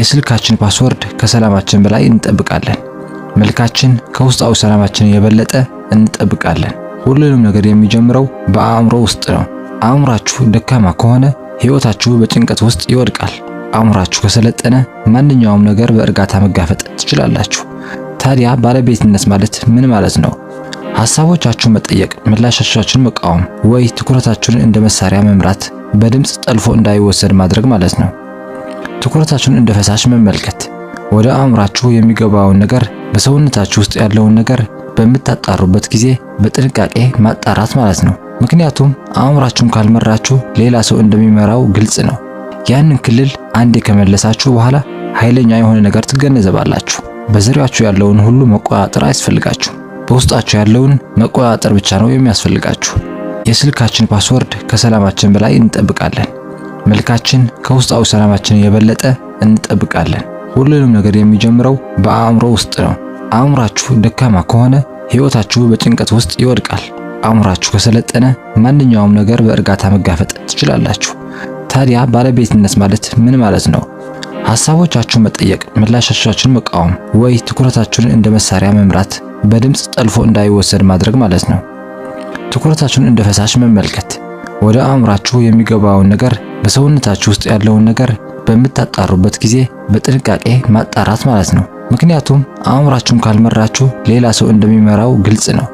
የስልካችን ፓስወርድ ከሰላማችን በላይ እንጠብቃለን። መልካችን ከውስጣዊ ሰላማችን የበለጠ እንጠብቃለን። ሁሉንም ነገር የሚጀምረው በአእምሮ ውስጥ ነው። አእምሯችሁ ደካማ ከሆነ ሕይወታችሁ በጭንቀት ውስጥ ይወድቃል። አእምሯችሁ ከሰለጠነ ማንኛውም ነገር በእርጋታ መጋፈጥ ትችላላችሁ። ታዲያ ባለቤትነት ማለት ምን ማለት ነው? ሐሳቦቻችሁን መጠየቅ፣ ምላሻቻችሁን መቃወም፣ ወይ ትኩረታችሁን እንደ መሳሪያ መምራት፣ በድምፅ ጠልፎ እንዳይወሰድ ማድረግ ማለት ነው። ትኩረታችሁን እንደ ፈሳሽ መመልከት። ወደ አእምሯችሁ የሚገባውን ነገር በሰውነታችሁ ውስጥ ያለውን ነገር በምታጣሩበት ጊዜ በጥንቃቄ ማጣራት ማለት ነው። ምክንያቱም አእምሯችሁን ካልመራችሁ ሌላ ሰው እንደሚመራው ግልጽ ነው። ያንን ክልል አንዴ ከመለሳችሁ በኋላ ኃይለኛ የሆነ ነገር ትገነዘባላችሁ። በዙሪያችሁ ያለውን ሁሉ መቆጣጠር አያስፈልጋችሁ። በውስጣችሁ ያለውን መቆጣጠር ብቻ ነው የሚያስፈልጋችሁ። የስልካችን ፓስወርድ ከሰላማችን በላይ እንጠብቃለን። መልካችን ከውስጣዊ ሰላማችን የበለጠ እንጠብቃለን። ሁሉንም ነገር የሚጀምረው በአእምሮ ውስጥ ነው። አእምሯችሁ ደካማ ከሆነ ህይወታችሁ በጭንቀት ውስጥ ይወድቃል። አእምሯችሁ ከሰለጠነ ማንኛውም ነገር በእርጋታ መጋፈጥ ትችላላችሁ። ታዲያ ባለቤትነት ማለት ምን ማለት ነው? ሐሳቦቻችሁን መጠየቅ፣ ምላሾቻችሁን መቃወም፣ ወይ ትኩረታችሁን እንደ መሳሪያ መምራት፣ በድምፅ ጠልፎ እንዳይወሰድ ማድረግ ማለት ነው። ትኩረታችሁን እንደ ፈሳሽ መመልከት፣ ወደ አእምራችሁ የሚገባውን ነገር በሰውነታችሁ ውስጥ ያለውን ነገር በምታጣሩበት ጊዜ በጥንቃቄ ማጣራት ማለት ነው። ምክንያቱም አእምራችሁን ካልመራችሁ ሌላ ሰው እንደሚመራው ግልጽ ነው።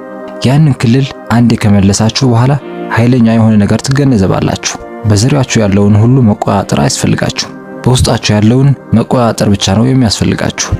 ያንን ክልል አንዴ ከመለሳችሁ በኋላ ኃይለኛ የሆነ ነገር ትገነዘባላችሁ። በዙሪያችሁ ያለውን ሁሉ መቆጣጠር አያስፈልጋችሁ። በውስጣችሁ ያለውን መቆጣጠር ብቻ ነው የሚያስፈልጋችሁ።